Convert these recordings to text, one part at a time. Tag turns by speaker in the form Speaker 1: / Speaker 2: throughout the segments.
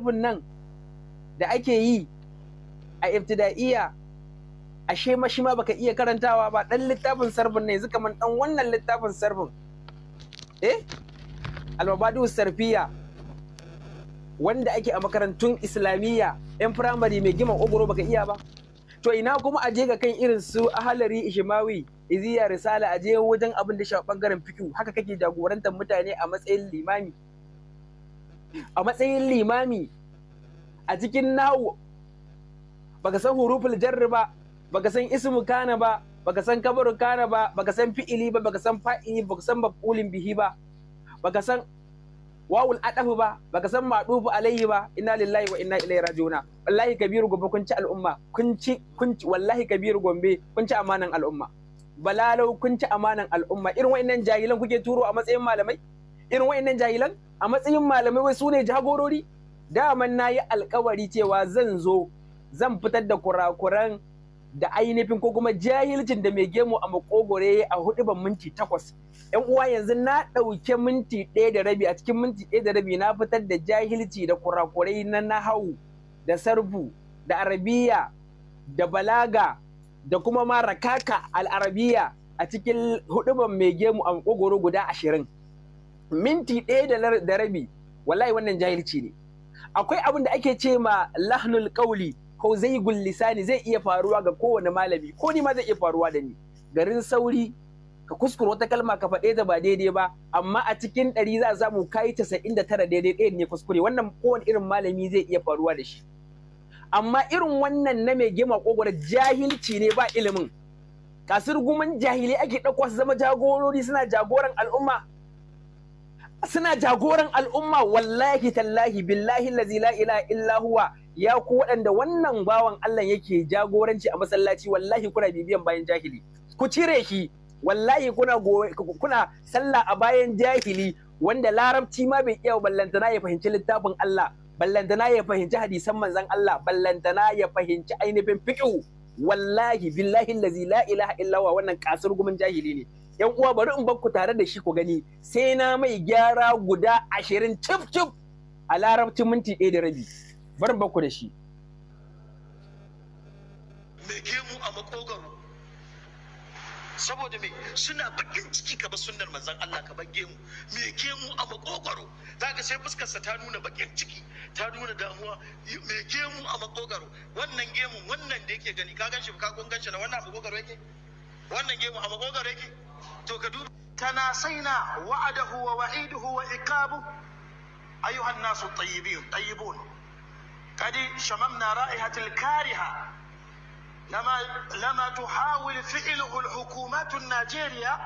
Speaker 1: harbin nan da ake yi a ibtida'iyya ashe shema shi ma baka iya karantawa ba dan littafin sarbin ne zuka man dan wannan littafin sarbin eh al-mabadu sarfiya wanda ake a makarantun islamiyya yan firamare mai gima ogoro baka iya ba to ina kuma aje ga kan irin su ahalari ishimawi iziya risala a je wajen abin da shafi bangaren fikihu haka kake jagorantar mutane a matsayin limami a matsayin limami a cikin nawu baka san huruful jarri ba baka san ismu kana ba baka san kabaru kana ba baka san fi'ili ba baka san fa'ili baka san maf'ulin bihi ba baka san wawul adafu ba baka san madufu alayhi ba inna lillahi wa inna ilaihi rajiuna wallahi kabiru gombe kun ci al'umma kun ci kun ci wallahi kabiru gombe kun ci amanan al'umma balalau kun ci amanan al'umma irin wa'annan jahilan kuke turo a matsayin malamai irin wayannan jahilan a matsayin malamai wai su ne jagorori daman na yi alkawari cewa zan zo zan fitar da kurakuran da ainihin ko kuma jahilcin da mai gemu a makogore a hudu ban minti takwas yan uwa yanzu na ɗauke minti ɗaya da rabi a cikin minti ɗaya da rabi na fitar da jahilci da kurakurai na nahau da sarbu da arabiya da balaga da kuma ma rakaka al'arabiya a cikin ban mai gemu a makogoro guda ashirin minti ɗaya da rabi wallahi wannan jahilci ne akwai abin da ake ce ma lahnul kauli ko zai lisani zai iya faruwa ga kowane malami ko ni ma zai iya faruwa da ni garin sauri ka kuskure wata kalma ka faɗe ta ba daidai ba amma a cikin ɗari za a samu kayi casa'in da tara daidai ɗaya ne kuskure wannan kowane irin malami zai iya faruwa da shi amma irin wannan na mai gima kogwara jahilci ne ba ilimin kasir gumin jahilai ake ɗauko su zama jagorori suna jagoran al'umma suna jagoran al'umma wallahi tallahi billahi lazi la ila illa huwa ya ku waɗanda wannan bawan Allah yake jagoranci a masallaci wallahi kuna bibiyan bayan jahili ku cire shi wallahi kuna kuna sallah a bayan jahili wanda larabci ma bai iya ballantana ya fahimci littafin Allah ballantana ya fahimci hadisan manzon Allah ballantana ya fahimci ainihin fiqh wallahi billahi lazi la ilaha illa huwa wannan kasar gumin jahili ne yan uwa bari in ku tare da shi ku gani sai na mai gyara guda ashirin cif cif a larabcin minti ɗaya da rabi bari ku da shi
Speaker 2: mai mu a makogaro saboda me suna bakin ciki ka ba sunnar manzon Allah ka bagge mu me ke mu a makogaro zaka sai fuskarsa ta nuna bakin ciki ta nuna damuwa me ke mu a makogaro wannan gemu wannan da yake gani ka ganshi ka kun ganshi na wannan makogaro yake wannan gemu a makogaro yake to تناسينا وعده ووعيده wa'adahu أيها الناس الطيبين iqabu قد شممنا رائحة الكارهة لما لما تحاول فعله الحكومات الناجيرية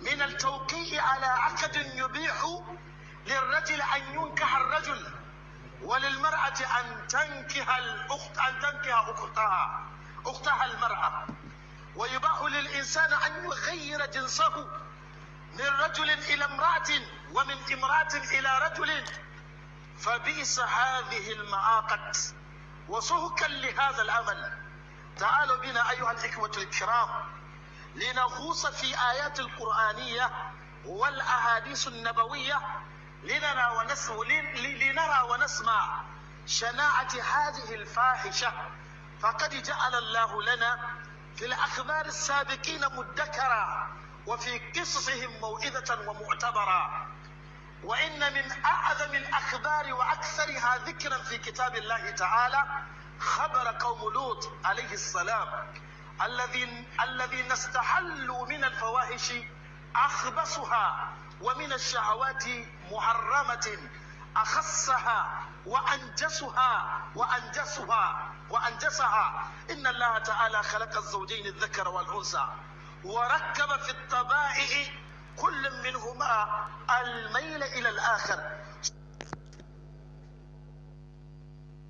Speaker 2: من التوقيع على عقد يبيح للرجل أن ينكح الرجل وللمرأة أن تنكح الأخت أن تنكح أختها أختها المرأة ويباح للإنسان أن يغير جنسه من رجل إلى امرأة ومن امرأة إلى رجل فبئس هذه المعاقد وسهكا لهذا العمل تعالوا بنا أيها الإخوة الكرام لنغوص في آيات القرآنية والأحاديث النبوية لنرى ونسمع, لنرى ونسمع شناعة هذه الفاحشة فقد جعل الله لنا في الأخبار السابقين مدكرا وفي قصصهم موئذة ومعتبرا وإن من أعظم الأخبار وأكثرها ذكرا في كتاب الله تعالى خبر قوم لوط عليه السلام الذين الذين استحلوا من الفواحش أخبصها ومن الشهوات محرمة أخصها وأنجسها وأنجسها وأنجسها إن الله تعالى خلق الزوجين الذكر والأنثى وركب في الطبائع كل منهما الميل إلى الآخر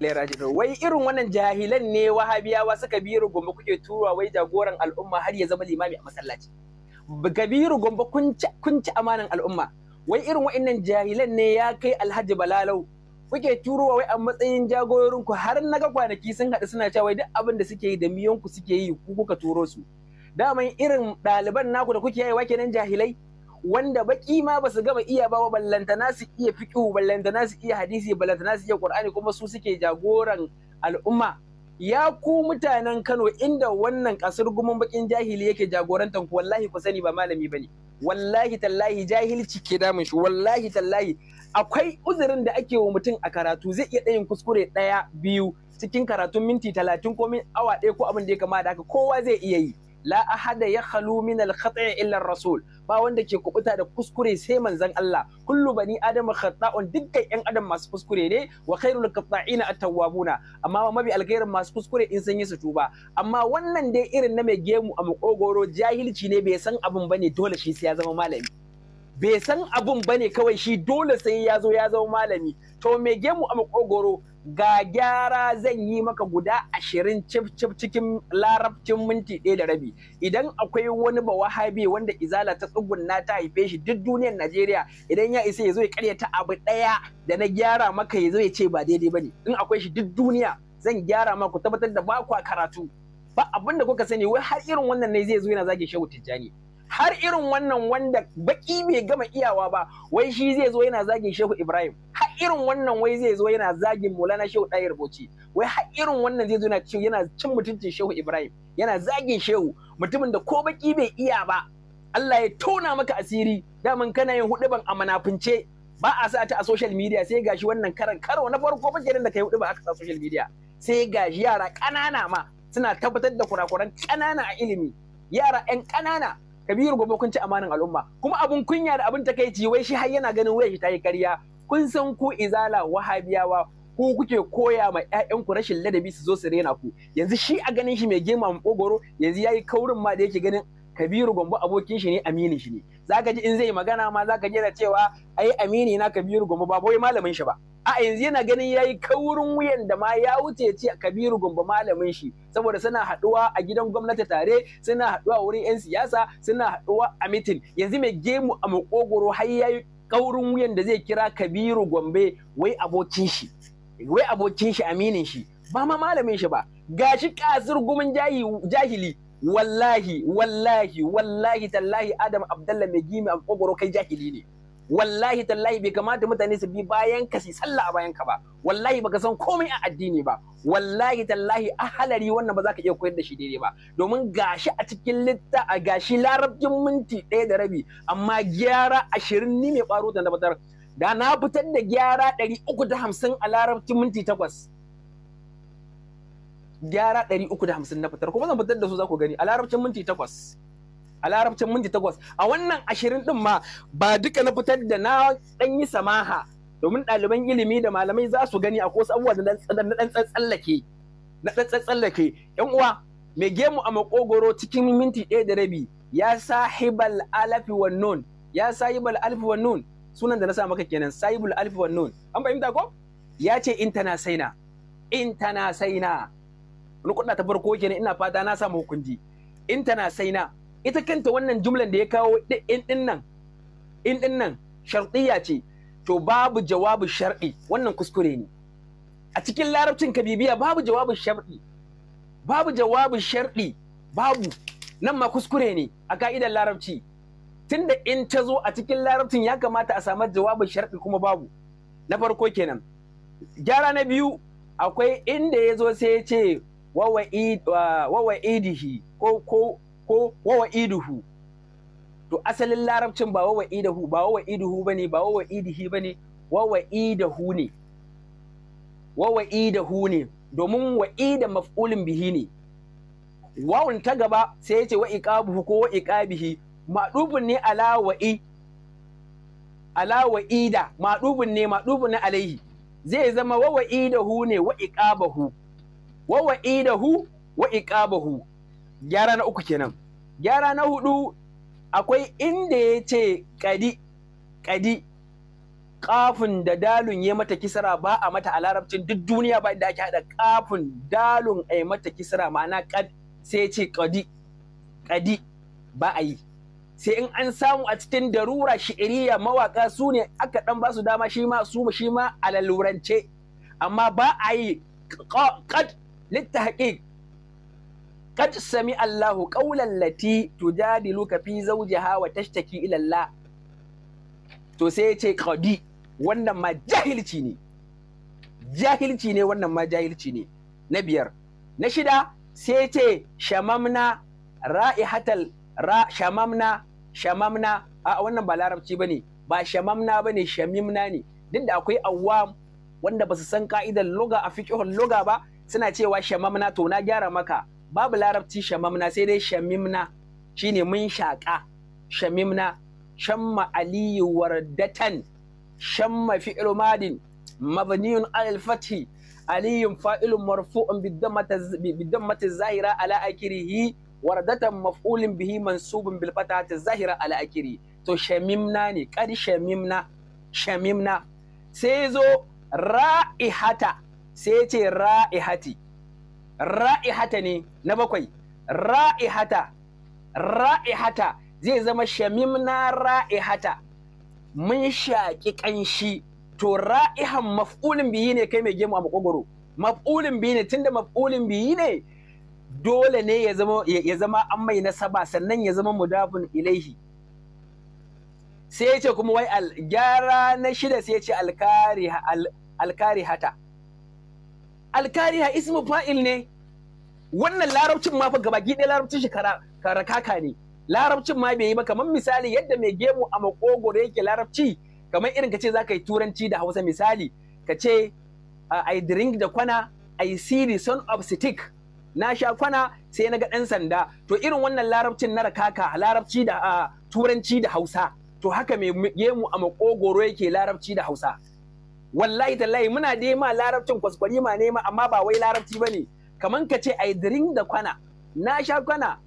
Speaker 1: wai irin wannan jahilan ne wahabiyawa suka biyu gombe kuke turawa wai jagoran al'umma har ya zama limami a masallaci kabiru gombe kun ci amanan al'umma wai irin wa'annan jahilan ne ya kai alhaji balalau kuke turowa wai a matsayin jagororin ku har na ga kwanaki sun haɗu suna cewa wai duk abin da suke yi da miyon ku suke yi ku kuka turo su daman irin ɗaliban naku da kuke yayi kenan jahilai wanda baki ma basu gama iya ba ballantana su iya fiqhu ballantana su iya hadisi ballantana su iya qur'ani kuma su suke jagoran al'umma ya ku mutanen Kano inda wannan kasar gumin bakin jahili yake jagorantan ku wallahi ku sani ba malami bane wallahi tallahi jahilci ke damun shi wallahi tallahi akwai uzurin da ake wa mutum a karatu zai iya ɗayin kuskure ɗaya biyu cikin karatun minti talatin ko min awa ɗaya ko abin da ya kama da haka kowa zai iya yi la ahada ya halu min al illa rasul ba wanda ke kubuta da kuskure sai manzon Allah kullu bani adamu khata'un dukkan yan adam masu kuskure ne wa khairul qata'ina at-tawwabuna amma ba mabi alkhairin masu kuskure in sun yi su tuba amma wannan dai irin na mai gemu a makogoro jahilci ne bai san abin bane dole shi sai ya zama malami bai san abun ba ne kawai shi dole sai ya zo ya zama malami to me gemu a makogoro ga gyara zan yi maka guda ashirin cif cikin larabcin minti ɗaya da rabi idan akwai wani ba wahabi wanda izala ta tsugunna ta haife shi duk duniyar najeriya idan ya isa ya zo ya karyata abu ɗaya da na gyara maka ya zo ya ce ba daidai ba ne in akwai shi duk duniya zan gyara maka tabbatar da ba kwa karatu ba abin da kuka sani wai har irin wannan ne zai zo yana zage shehu tijjani har irin wannan wanda baki bai gama iyawa ba wai shi zai zo yana zagin shehu ibrahim har irin wannan wai zai zo yana zagin mulana shehu ɗaya bauchi wai har irin wannan zai zo yana cin yana cin mutuncin shehu ibrahim yana zagin shehu mutumin da ko baki bai iya ba Allah ya tona maka asiri daman kana yin ban a manafince ba a sa ta a social media sai gashi wannan karan karo na farko ba da kai hudu ba aka sa social media sai gashi yara ƙanana ma suna tabbatar da kurakuran ƙanana a ilimi yara 'yan ƙanana kabiru gobe kun ci amanan al'umma kuma abun kunya da abun takaici wai shi har yana ganin wayar shi ta yi ƙarya kun san ku izala wahabiyawa ku kuke koya ma 'ya'yanku rashin ladabi su zo su rena ku yanzu shi a ganin shi mai ma makogoro yanzu yayi kaurin ma da yake ganin kabiru gombe abokin shi ne aminin shi ne zaka ji in zai magana ma zaka ji yana cewa ai amini na kabiru gombe ba wai malamin shi ba a yanzu yana ganin yayi kaurin wuyan da ma ya wuce ce kabiru gombe malamin shi saboda suna haduwa a gidan gwamnati tare suna haduwa wurin yan siyasa suna haduwa a mitin yanzu mai gemu a makogoro har yayi kaurin wuyan da zai kira kabiru gombe wai abokin shi wai abokin shi aminin shi ba ma malamin shi ba gashi kasir gumin jahili wallahi wallahi wallahi tallahi adam abdallah mai gimi a kogoro kai jahili ne wallahi tallahi bai kamata mutane su bi bayan ka su sallah a bayan ka ba wallahi baka san komai a addini ba wallahi tallahi halari wannan ba za ka iya koyar da shi daidai ba domin gashi a cikin litta a gashi larabcin minti ɗaya da rabi amma gyara ashirin ni mai ɓaro na batar da na fitar da gyara ɗari uku da hamsin a larabcin minti takwas gyara 350 na fitar kuma zan fitar da su za ku gani a larabcin minti takwas a larabcin minti takwas a wannan ashirin din ma ba duka na fitar da na dan yi samaha domin ɗaliban ilimi da malamai za su gani a kusa abubuwa na dan tsallake na dan tsallake yan uwa mai gemu a makogoro cikin minti ɗaya da rabi ya sahibal alafi wan nun ya sahibal alafi wan sunan da na sa maka kenan sahibul alafi wan an fahimta ko ya ce in saina in saina alƙulla ta farko kenan ina fata na samu hukunci in tana na. ita kanta wannan jumlan da ya kawo in din nan in din nan ce to babu jawabu shar'i wannan kuskure ne a cikin larabcin kabibiya babu jawabu shar'i babu jawabu shar'i babu nan ma kuskure ne a ka'idar larabci tunda in ta zo a cikin larabcin ya kamata a samu jawabin sharɗi kuma babu na farko kenan gyara na biyu akwai inda ya zo sai ya ce wawa idihi ko ko iduhu to asalin larabcin ba wawa'idahu ba wawa bane ba ba wawa idihi ba ne wawa'idahu ne domin wa'ida maf'ulin bihi ne wawun ta gaba sai ya ce wa iqabuhu ko wa iqabihi madubun ne ala wa'i ala wa'ida madubun ne madubun ne alaihi zai zama wa wa'idahu ne wa iqabahu wa wa'idahu wa iqabahu gyara na uku kenan gyara na hudu akwai inda ya ce kadi kadi kafin da dalun ya mata kisra ba a mata a larabcin duk duniya ba inda ake hada kafin dalun a mata kisra ma'ana kad sai ya ce kadi kadi ba a yi sai in an samu a cikin darura shi'iriya mawaka su ne aka dan ba dama shi ma su shi ma alalurance amma ba a yi kad littahqiq qad sami Allahu qawlan lati tujadiluka fi zawjiha wa tashtaki ila Allah to sai ya ce qadi wannan ma jahilci ne jahilci ne wannan ma jahilci ne na biyar na shida sai ya ce shamamna ra'ihatal ra shamamna shamamna a wannan ba larabci bane ba shamamna bane shamimna ne duk da akwai awwam wanda ba su san ka'idar loga a fiqhul loga ba suna cewa shamamna to na gyara maka babu larabci shamamna sai dai shamimna shine mun shaƙa shamimna shamma aliyu wardatan shamma fi'lu madin mabniun alal fathi aliyun fa'ilun marfu'un bidammati zahira ala akirihi wardatan maf'ulin bihi mansubun bil fatati zahira ala akiri to shamimna ne kad shamimna shamimna sai zo ra'ihata sai ce ra'ihati ra'ihata ne na bakwai ra'ihata ra'ihata zai zama shamimna ra'ihata mun shaƙi ƙanshi to ra'ihan maf'ulin biyi ne kai mai gemu a makogoro maf'ulin biyi ne tunda maf'ulin biyi ne dole ne ya zama ya an mai nasaba sannan ya zama mudafun ilaihi sai ce kuma wai gyara na shida sai ya ce alkarihata alkariha ismu fa'il ne wannan larabcin ma fa gabaki ɗaya larabcin shi karakaka ne larabcin ma bai yi ba kamar misali yadda mai gemu a makogoro yake larabci kamar irin ka ce za ka yi turanci da hausa misali ka ce i drink da kwana i see the son of stick na sha kwana sai na ga ɗan sanda to irin wannan larabcin na rakaka larabci da turanci da hausa to haka mai gemu a makogoro yake larabci da hausa wallahi tallahi muna dai larabcin kwaskwari ma nema amma ba wai larabci bane kaman ka ce i drink da kwana na sha kwana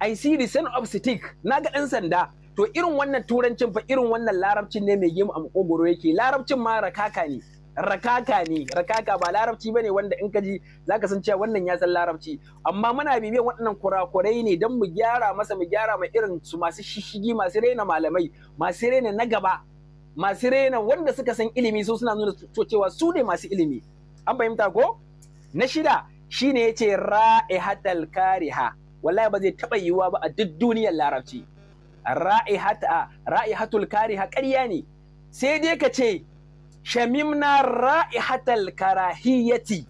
Speaker 1: i see the sign of stick na ga dan sanda to irin wannan turancin fa irin wannan larabcin ne mai gemu a makogoro yake larabcin ma rakaka ne rakaka ne rakaka ba larabci bane wanda in ka ji zaka san cewa wannan ya san larabci amma muna bibiyan waɗannan kurakurai ne dan mu gyara masa mu gyara wa irin su masu shishigi masu raina malamai masu raina na gaba masu rena wanda suka san ilimi so suna nuna so cewa su ne masu ilimi an fahimta ko na shida shi shine yace hatal kariha Wala ba zai taba yiwuwa ba a duk duniyar larabci Ra'i ra'ihatul kariha ƙarya ne sai dai ka ce shamimna hatal karahiyati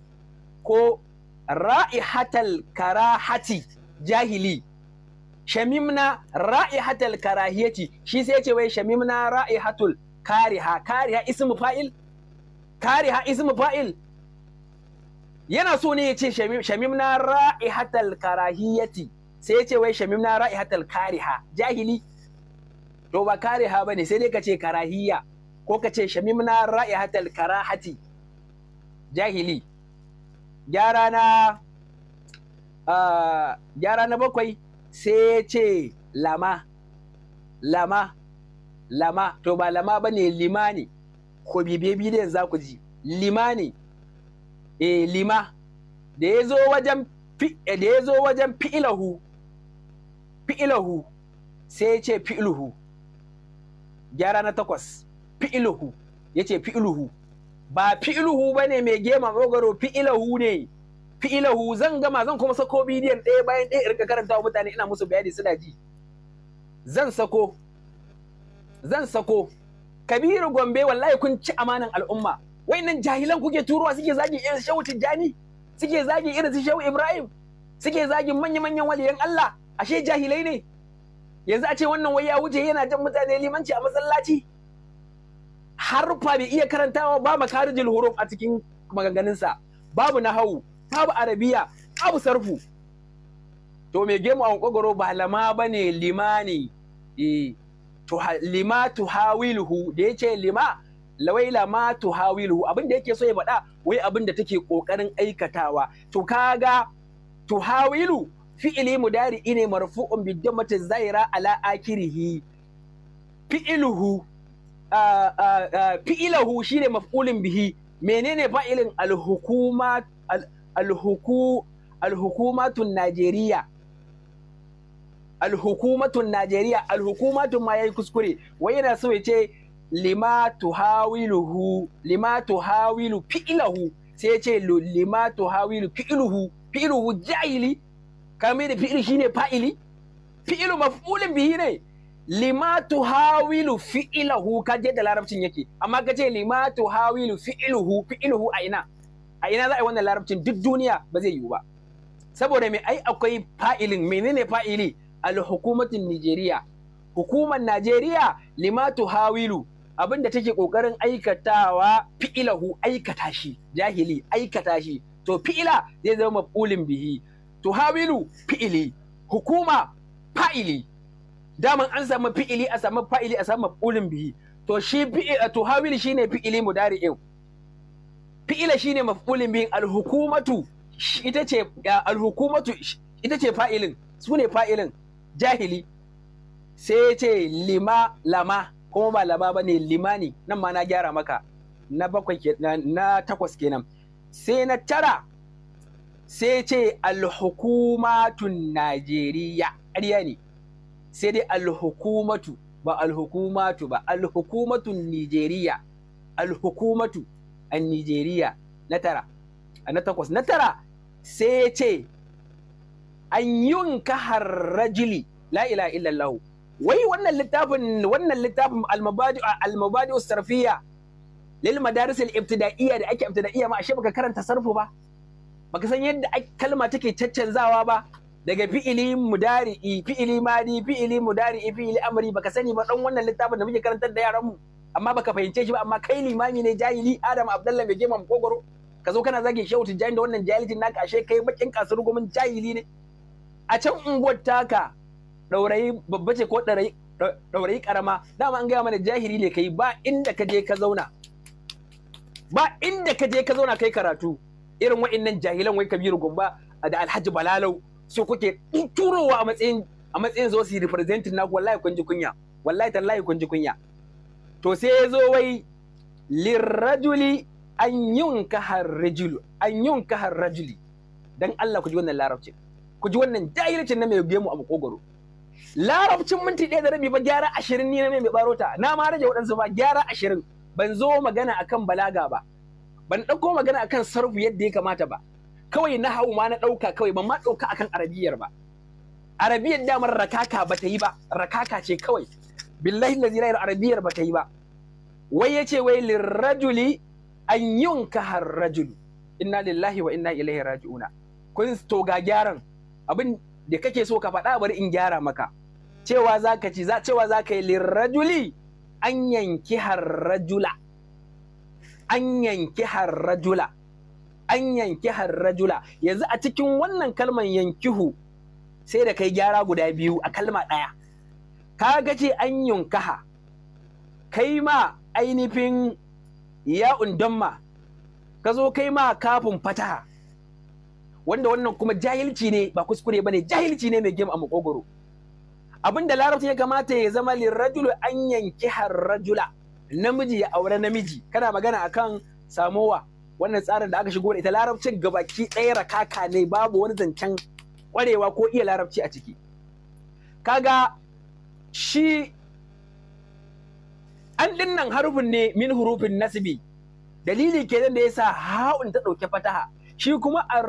Speaker 1: ko ra'i ra'ihatal karahati jahili shamimna ra'ihatal karahiyati shi sai ce wai shamimna ra'ihatul kariha kariha ismu fa'il kariha ismu fa'il yana so ne ya ce shamim na ra'ihatal karahiyati sai ya ce wai shamim na ra'ihatal kariha jahili to ba kariha bane sai dai ka ce karahiya ko ka ce shamim na ra'ihatal karahati jahili gyara na gyara na bakwai sai ya ce lama lama lama to ba lama ba ne lima ne ko bibiye bidiyon za ku ji Limani e lima da ya zo wajen eh, da ya zo wajen fi'ilahu fi'ilahu sai ya ce fi'iluhu gyara na takwas fi'iluhu ya ce fi'iluhu ba fi'iluhu ba ne mai gema magwaro fi'ilahu ne fi'ilahu zan gama zan kuma sako bidiyon ɗaya bayan ɗaya irka karanta wa mutane ina musu bayani suna ji zan sako zan sako kabiru gombe wallahi kun ci amanan al'umma wayannan jahilan kuke turuwa suke zagi irin shehu tijjani suke zagi irin su shehu ibrahim suke zagi manya manyan waliyan allah ashe jahilai ne yanzu a ce wannan wai ya wuce yana jan mutane limanci a masallaci harfa bai iya karantawa ba makarijul huruf a cikin maganganunsa babu nahawu babu arabiya babu sarfu to me gemu a kokoro ba lama bane limani eh lima tuhawiluhu da yace lima lawaila ma tuhawiluhu abin da yake so ya faɗa wai abinda da take ƙoƙarin aikatawa to kaga tuhawilu fi'ili mudari ine marfu'un bi dammati zaira ala akirihi fi'iluhu fi'ilahu shine maf'ulun bihi menene fa'ilin alhukuma alhuku alhukumatun najeriya alhukumatun Najeriya alhukumatun ma yayi kuskure wai yana so ya ce lima tuhawiluhu lima tuhawilu fi'lahu sai ya ce lima tuhawilu fi'luhu fi'luhu jahili kame da fi'il shine fa'ili fi'ilu maf'ulin bihi ne lima tuhawilu fi'lahu ka je da larabcin yake amma ka ce lima tuhawilu fi'luhu fi'luhu a ina a ina za a yi wannan larabcin duk duniya ba zai yiwu ba saboda me ai akwai fa'ilin menene fa'ili alhukumatin Nijeriya hukumar Najeriya limatu hawilu abin da take kokarin aikatawa fi'ilahu aikata shi jahili aikata shi to fi'ila zai zama maf'ulin bihi to hawilu fi'ili hukuma fa'ili daman an samu fi'ili a samu fa'ili a samu maf'ulin bihi to shi fi'ila eh, to hawilu shine fi'ili mudari'u fi'ila shine maf'ulin bihi alhukumatu ita ce eh, alhukumatu ita ce fa'ilin su ne fa'ilin jahili sai ya ce lima lama kuma ba lama ba ne limani ne nan ma na gyara maka na bakwai na takwas kenan sai na tara sai ce alhukumatun najeriya ƙarya ne sai dai alhukumatu ba alhukumatu ba alhukumatun nijeriya alhukumatu a nijeriya na tara a na takwas na tara sai ya ce an yun kahar rajili la ilaha illallah wai wannan littafin wannan littafin almabadi almabadi al lil madaris al-ibtidaiya da ake ibtidaiya ma ashe baka karanta sarfu ba baka san yadda kalma take caccanzawa ba daga fi'ili mudari'i fi'ili madi fi'ili mudari'i fi'ili amri baka sani ba dan wannan littafin da muke karantar da yaran mu amma baka fahimce shi ba amma kai limami ne jahili Adam Abdullahi bai gema ka zo kana zage shehu tijani da wannan jahilcin naka ashe kai bakin kasar gumin jahili ne a can unguwar taka ɗaurayi babba ce ko ɗaurayi ƙarama dama an gaya mana jahili ne kai ba inda ka je ka zauna ba inda ka je ka zauna kai karatu irin wa'innan jahilan wai kabiru gumba da alhaji balalau su kuke turowa a matsayin a matsayin zo su yi representin na wallahi kun ji kunya wallahi tallahi kun ji kunya to sai ya zo wai lirrajuli an yunka harrajulu an yunka harrajuli dan Allah ku ji wannan larabcin ku ji wannan jahilcin na mai mu a makogoro larabcin minti ɗaya da rabi ba gyara ashirin ni na mai ta na ma rage waɗansu ba gyara ashirin ban zo magana akan balaga ba ban ɗauko magana akan sarfu yadda ya kamata ba kawai na hau ma na ɗauka kawai ban ma ɗauka akan arabiyar ba arabiyar damar rakaka ba ta yi ba rakaka ce kawai billahi na la arabiyar ba ta yi ba wai yace wai lirrajuli an yunka harrajulu inna lillahi wa inna ilaihi raji'una kun to ga gyaran abin da kake so ka faɗa bari in gyara maka cewa za ka ci cewa za ka yi lirrajuli an yanki harrajula an yanki harrajula an yanki harrajula yanzu a cikin wannan kalmar yankihu sai da kai gyara guda biyu a kalma ɗaya ka gace an yunkaha kai ma ainihin ya'un damma ka zo kai ma kafin fataha wanda wannan kuma jahilci ne ba kuskure bane jahilci ne mai game a makogoro abin da larabci ya kamata ya zama lirrajulu an yanki rajula namiji ya aure namiji kana magana akan samowa wannan tsarin da aka shigo da ita larabcin gabaki ɗaya rakaka ne babu wani zancen kwarewa ko iya larabci a ciki kaga shi an dinnan harufin ne min hurufin nasibi dalili kenan da yasa ha'un ta ɗauke fataha shi kuma ar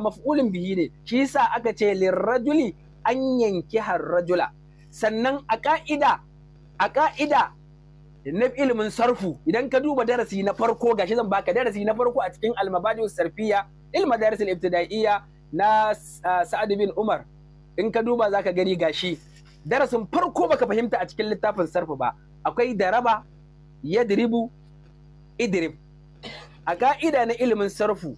Speaker 1: maf'ulin bihi ne shi yasa aka ce lirrajuli an yanki harrajula sannan a ka'ida a ka'ida na ilimin sarfu idan ka duba darasi na farko gashi zan baka darasi na farko a cikin almabadi sarfiya ilma darasin ibtidaiya na sa'ad bin umar in ka duba zaka gani gashi darasin farko baka fahimta a cikin littafin sarfu ba akwai daraba yadribu idrib a ka'ida na ilimin sarfu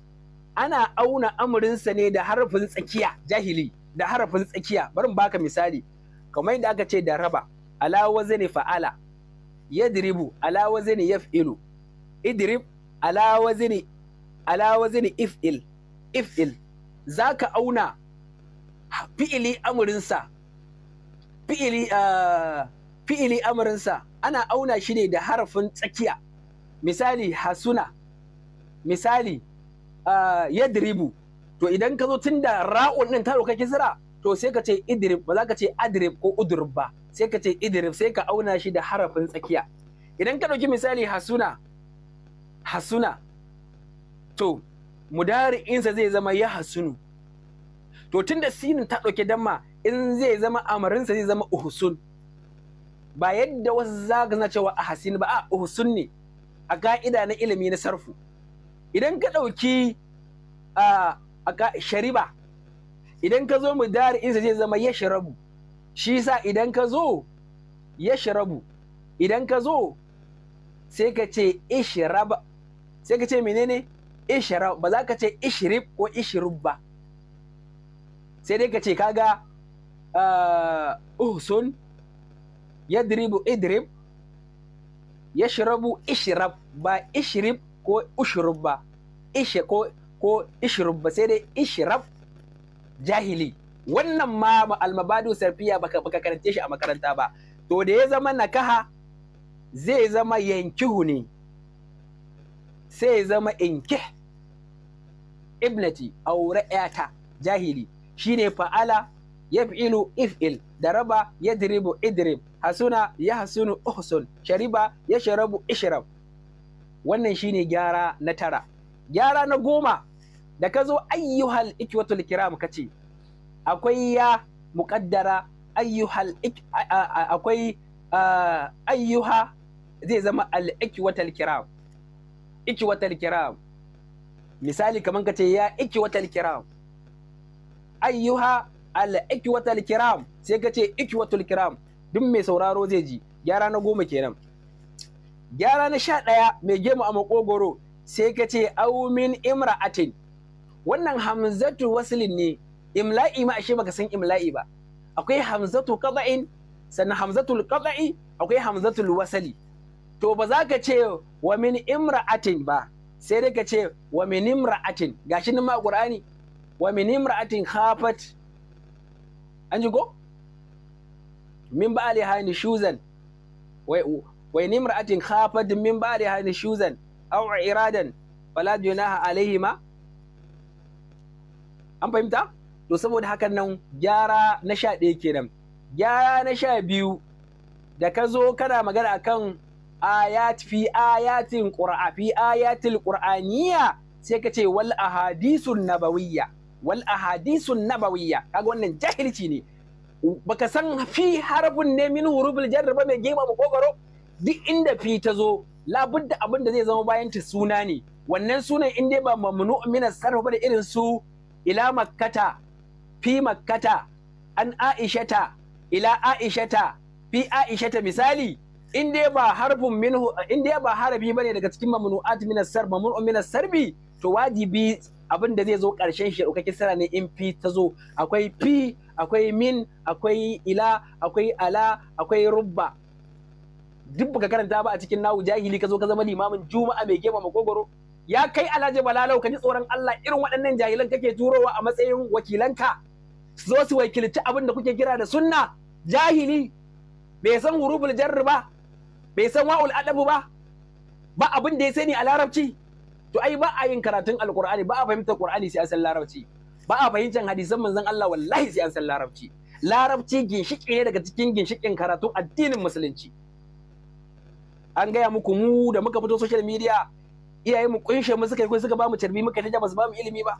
Speaker 1: ana auna amurinsa ne da harafin tsakiya jahili da harafin tsakiya barin baka misali kamar yadda aka ce da raba ala wazani fa'ala yadribu ala wazani yaf'ilu idrib ala wazani ala wazani if'il if'il zaka auna fi'ili amurinsa fi'ili ah, fi'ili amurinsa ana auna shi ne da harafin tsakiya misali hasuna misali diribu to idan ka zo tun da ra'un ɗin ta ɗauka kisra to sai ka ce idrib ba za ka ce adrib ko udrib ba sai ka ce idrib sai ka auna shi da harafin tsakiya idan ka ɗauki misali hasuna hasuna to insa zai zama ya hasunu to tun da sinin ta ɗauke damma in zai zama amarinsa zai zama uhusun ba yadda wasu zaga na cewa a hasin ba a uhusun ne a ka'ida na ilimi na sarfu idan ka ɗauki shariba idan ka zo mu dari insa zai zama ya sharabu shi sa idan ka zo ya sharabu idan ka zo sai ka ce ishiraba sai ka ce menene ishira ba za ka ce ishirib ko ishirub ba sai dai ka ce kaga uhsun yadribu idrib yashrabu ishrab ba ishrib ko ushurub ba ishe ko ko ba sai dai ishrab jahili wannan ma almabadu sarfiya baka baka karanta shi a makaranta ba to da ya zama nakaha zai zama yankihu ne sai ya zama inkih ibnati aure yata jahili shine fa'ala yaf'ilu if'il daraba yadribu idrib hasuna yahsunu uhsun shariba yashrabu ishrab wannan shine gyara na tara gyara na goma da ka zo ayyuhal ikwatul kiram ka ce akwai ya muƙaddara ayyuhal akwai ayyuha zai zama al ikwatul kiram ikwatul kiram misali kaman ka ce ya ikwatul kiram ayyuha al ikwatul kiram sai ka ce ikwatul kiram duk mai sauraro zai ji gyara na goma kenan gyara na sha ɗaya mai gemu a makogoro sai ka ce aumin imra'atin wannan hamzatu wasilin ne imla'i ma ashe baka san imla'i ba akwai hamzatu qada'in sannan hamzatul qada'i akwai hamzatul wasali to ba za ka ce wa min imra'atin ba sai dai ka ce wa min imra'atin gashi nan ma qur'ani wa min imra'atin khafat an ji go min ba alihani shuzan wa in imra'atin khafat min ba'di hadhi shuzan aw iradan fala junaha alaihima an fahimta to saboda hakan nan gyara na sha ɗaya kenan gyara na sha biyu da ka zo kana magana akan ayat fi ayatin qur'a fi ayatil qur'aniyya sai ka ce wal ahadisun nabawiyya wal ahadisun nabawiyya kaga wannan jahilci ne baka san fi harbin ne min hurufil jarra mai gima mu duk inda fi ta zo labudda abin da zai zama bayan ta suna ne wannan sunan in dai ba mamnu minas sarfa ba da irin su ila makkata fi makkata an aishata ila aishata fi aishata misali in dai ba harfin minhu in dai ba harabi bane daga cikin mamnu'at minas sarfa mamnu minas sarbi to wajibi abin da zai zo ƙarshen shi ɗaukakin sira ne in fi ta zo akwai fi akwai min akwai ila akwai ala akwai rubba duk baka karanta ba a cikin nawu jahili ka zo ka zama limamin juma'a mai gema makogoro ya kai alhaji balalau ka ji tsoron Allah irin waɗannan jahilan kake turowa a matsayin wakilanka su zo su wakilci abin da kuke kira da sunna jahili bai san hurubul jarr ba bai san wa'ul adabu ba ba abin da ya sani a larabci to ai ba a yin karatun alqur'ani ba a fahimtar qur'ani sai an san larabci ba a fahimtar hadisan manzon Allah wallahi sai an san larabci larabci ginshiki ne daga cikin ginshikin karatun addinin musulunci an gaya muku mu da muka fito social media iyaye mu kunshe mu suka yi suka ba mu tarbi muka ta ba su ba ilimi ba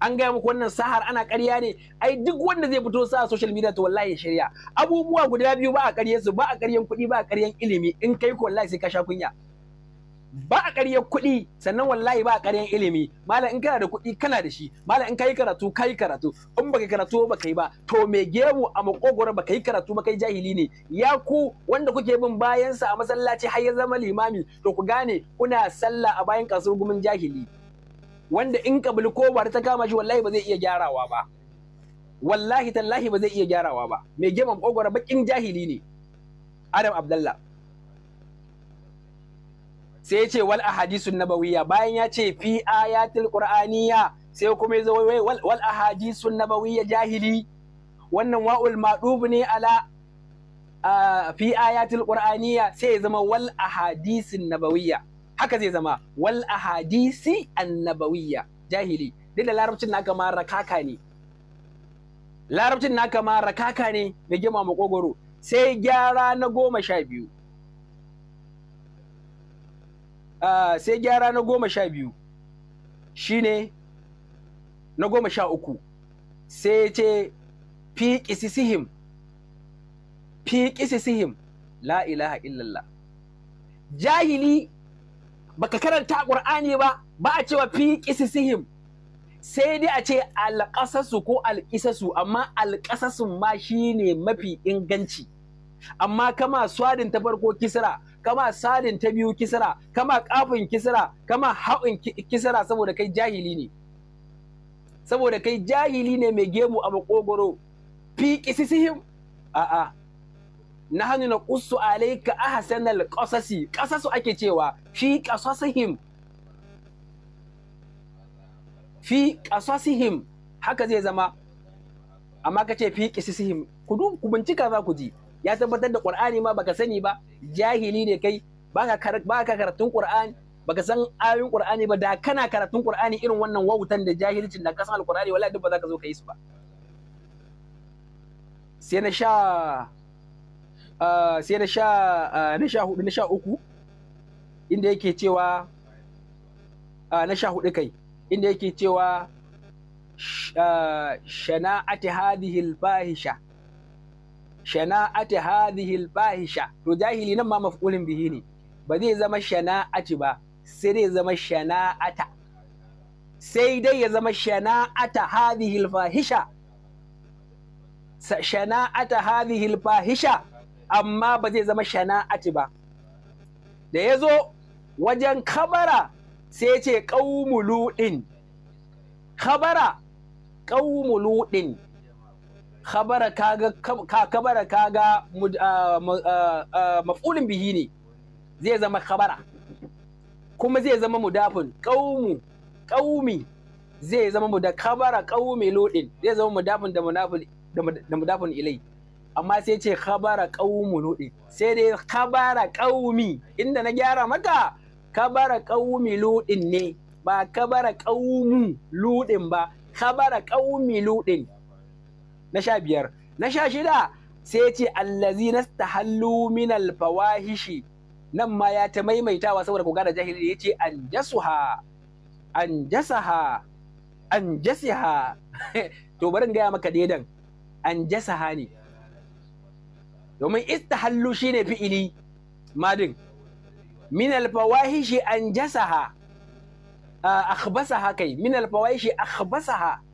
Speaker 1: an gaya muku wannan sahar ana ƙarya ne ai duk wanda zai fito sa social media to wallahi shirya abubuwa guda biyu ba a ƙarye su ba a ƙaryen kuɗi ba a ƙaryen ilimi in kai ko wallahi sai ka sha kunya ba a ƙaryar kuɗi sannan wallahi ba a ƙaryar ilimi malam in kana da kuɗi kana da shi malam in kai karatu kai karatu in baka karatu ba kai ba to me gemu a makogoro baka yi karatu ba kai jahili ne ya ku wanda kuke bin bayansa a masallaci har ya zama limami to ku gane kuna sallah a bayan kasuwar gumin jahili wanda in kabili ko ba ta kama shi wallahi ba zai iya gyarawa ba wallahi tallahi ba zai iya gyarawa ba me gemu a makogoro bakin jahili ne Adam Abdallah sai ya ce wal ahadisun nabawiya bayan ya ce fi ayatul qur'aniya sai kuma ya wai wal wal ahadisun nabawiyya jahili wannan wa'ul madubu ne ala fi ayatul qur'aniya sai ya zama wal ahadisin nabawiya haka zai zama wal ahadisi annabawiyya jahili duk da larabcin naka ma rakaka ne larabcin naka ma rakaka ne mai gima makogoro sai gyara na goma sha biyu Ah, sai gyara na goma sha biyu shine na goma sha uku sai ce fi ƙisisihim fi illallah jahili baka karanta ƙur'ani ba ba a cewa fi sai dai a ce alƙasasu ko alƙisasu amma alƙasasun ma ne mafi inganci amma kama swadin ta farko kisra kama sadin ta biyu kisira kama kafin kisira kama haɗin kisira saboda kai jahili ne saboda kai jahili ne mai gemu a makogoro fi kisisihim a'a na hannu na alai ka a hasanar ƙasasi ƙasasu ake cewa fi ƙasasihim fi ƙasasihim haka zai zama amma ka ce fi kisisihim. ku bincika za ku ji ya tabbatar da qur'ani ma baka sani ba jahili ne kai baka baka karatun qur'ani baka san ayoyin qur'ani ba da kana karatun qur'ani irin wannan wautan da jahilcin da kasan alqur'ani wallahi duk ba za ka zo ka yi su ba sai na sha ah, sai na sha ah, na sha hudu na sha uku inda yake cewa ah, na sha hudu kai inda yake cewa shana'ati hadhihi al-fahisha shana'ati hadhihi albahisha to jahili nan ma maf'ulin bihi ne ba zai zama shana'ati ba sai dai zama shana'ata sai dai ya zama shana'ata hadhihi alfahisha shana'ata hadhihi alfahisha amma ba zai zama shana'ati ba da ya zo wajen kabara sai ce ƙaumuluɗin kabara ƙaumuluɗin khabara kaga ka kabara kaga ah, ah, ah, maf'ulin bihi ne zai zama khabara kuma zai zama mudafin qaumu qaumi zai zama mu da khabara qaumi lodin zai zama mudafin da munafil da mudafin ilai amma sai ce khabara qaumu lodin sai dai khabara qaumi inda na gyara maka khabara qaumi lodin ne ba khabara qaumu lodin ba khabara qaumi lodin na sha biyar na sha shida sai ya ce allazi nastahallu min alfawahishi nan ma ya ta maimaitawa saboda ku gane jahili ya ce anjasuha anjasaha anjasiha to barin gaya maka dedan anjasaha ne domin istahallu shine fi'ili madin min alfawahishi anjasaha akhbasaha kai min alfawahishi akhbasaha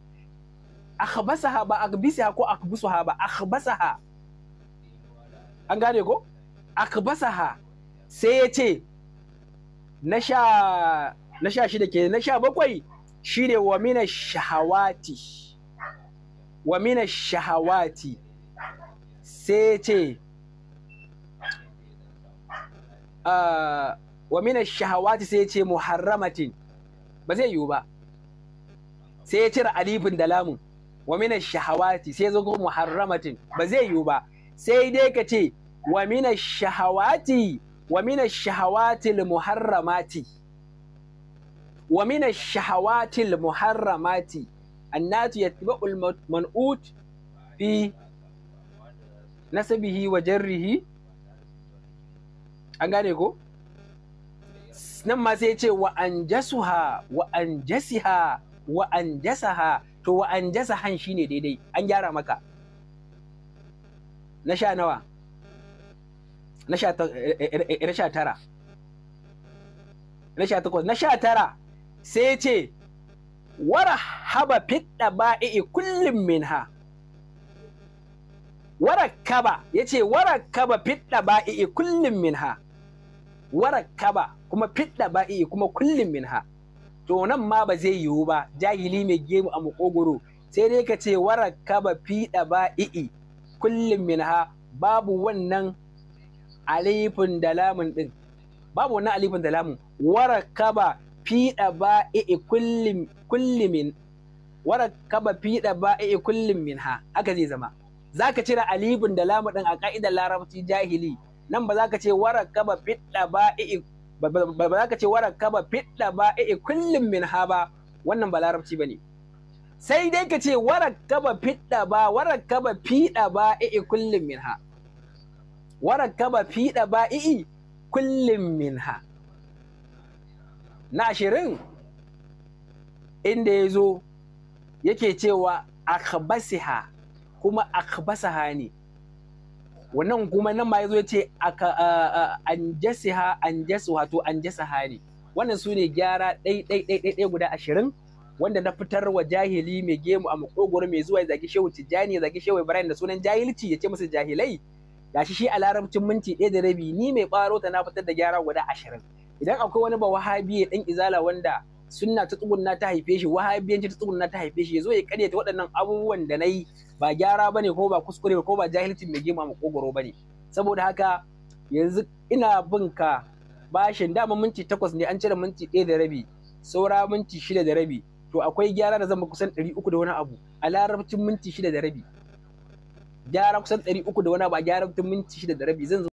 Speaker 1: akhbasaha ba akbisaha ko akbusaha ba akhbasaha an gane ko akbasaha sai ya ce na sha na sha shida ke na sha bakwai shine wa mina shahawati wa mina shahawati sai ce ah, wa mina shahawati sai ya ce muharramatin ba zai yiwu ba sai ya cire alifin da lamun wa mina shahawati sai zo ko muharramatin ba zai yiwu ba sai dai ka ce wa mina shahawati wa mina shahawatil muharramati wa mina shahawatil muharramati annatu yatba'u man'ut fi nasabihi wa jarrihi an gane ko nan ma sai ce wa anjasuha wa anjasiha wa anjasaha to wa an jasa han shi ne daidai an gyara maka na sha nawa eh, eh, eh, na sha tara na sha takwas na sha tara sai ce wara haba fiɗa ba'i kullum min ha wara kaba ya ce wara kaba fiɗa ba'i kullum min ha wara kaba kuma fiɗa ba'i kuma kullum min ha to nan ma ba zai yiwu ba jahili mai gemu a makogoro sai dai ka ce ka ba fiɗa ba i'i kullum minha babu wannan alifin da lamun ɗin babu wannan alifin da lamun ka ba fiɗa ba i'i wara ka ba da ba i'i kullum minha aka zai zama za ka cire alifin da lamun ɗin a ka'idar larabci jahili nan ba za ka ce ka ba fiɗa ba i'i ba za ka ce waran kaba fidda ba e kullum min ha ba wannan ba larabci ba ne sai dai ka ce waran kaba fidda ba waran kaba fida ba e kullum min ha waran kaba fida ba e kullum min ha na ashirin inda ya zo yake cewa ha, kuma ha ne wannan kuma nan ma yazo yace aka anjasiha anjasu wato anjasaha ne wannan su ne gyara ɗai ɗai ɗai ɗai guda ashirin wanda na fitar wa jahili mai gemu a makogoro mai zuwa ya zagi shehu tijjani ya zagi shehu ibrahim da sunan jahilci ya ce musu jahilai gashi shi a larabcin minti ɗaya da rabi ni mai ɓaro ta na fitar da gyara guda ashirin idan akwai wani ba wahabi ya ɗan izala wanda sunna ta tsugunna ta haife shi wahabiyanci ta tsugunna ta haife shi yazo ya ta waɗannan abubuwan da nayi ba gyara bane ko ba kuskure ko ba jahilcin mai gima kogoro bane saboda haka yanzu ina bin ka bashin dama minti takwas ne an cire minti ɗaya da rabi saura minti shida da rabi to akwai gyara da zama kusan ɗari uku da wani abu a larabcin minti shida da rabi gyara kusan ɗari uku da wani abu a larabcin minti shida da rabi zan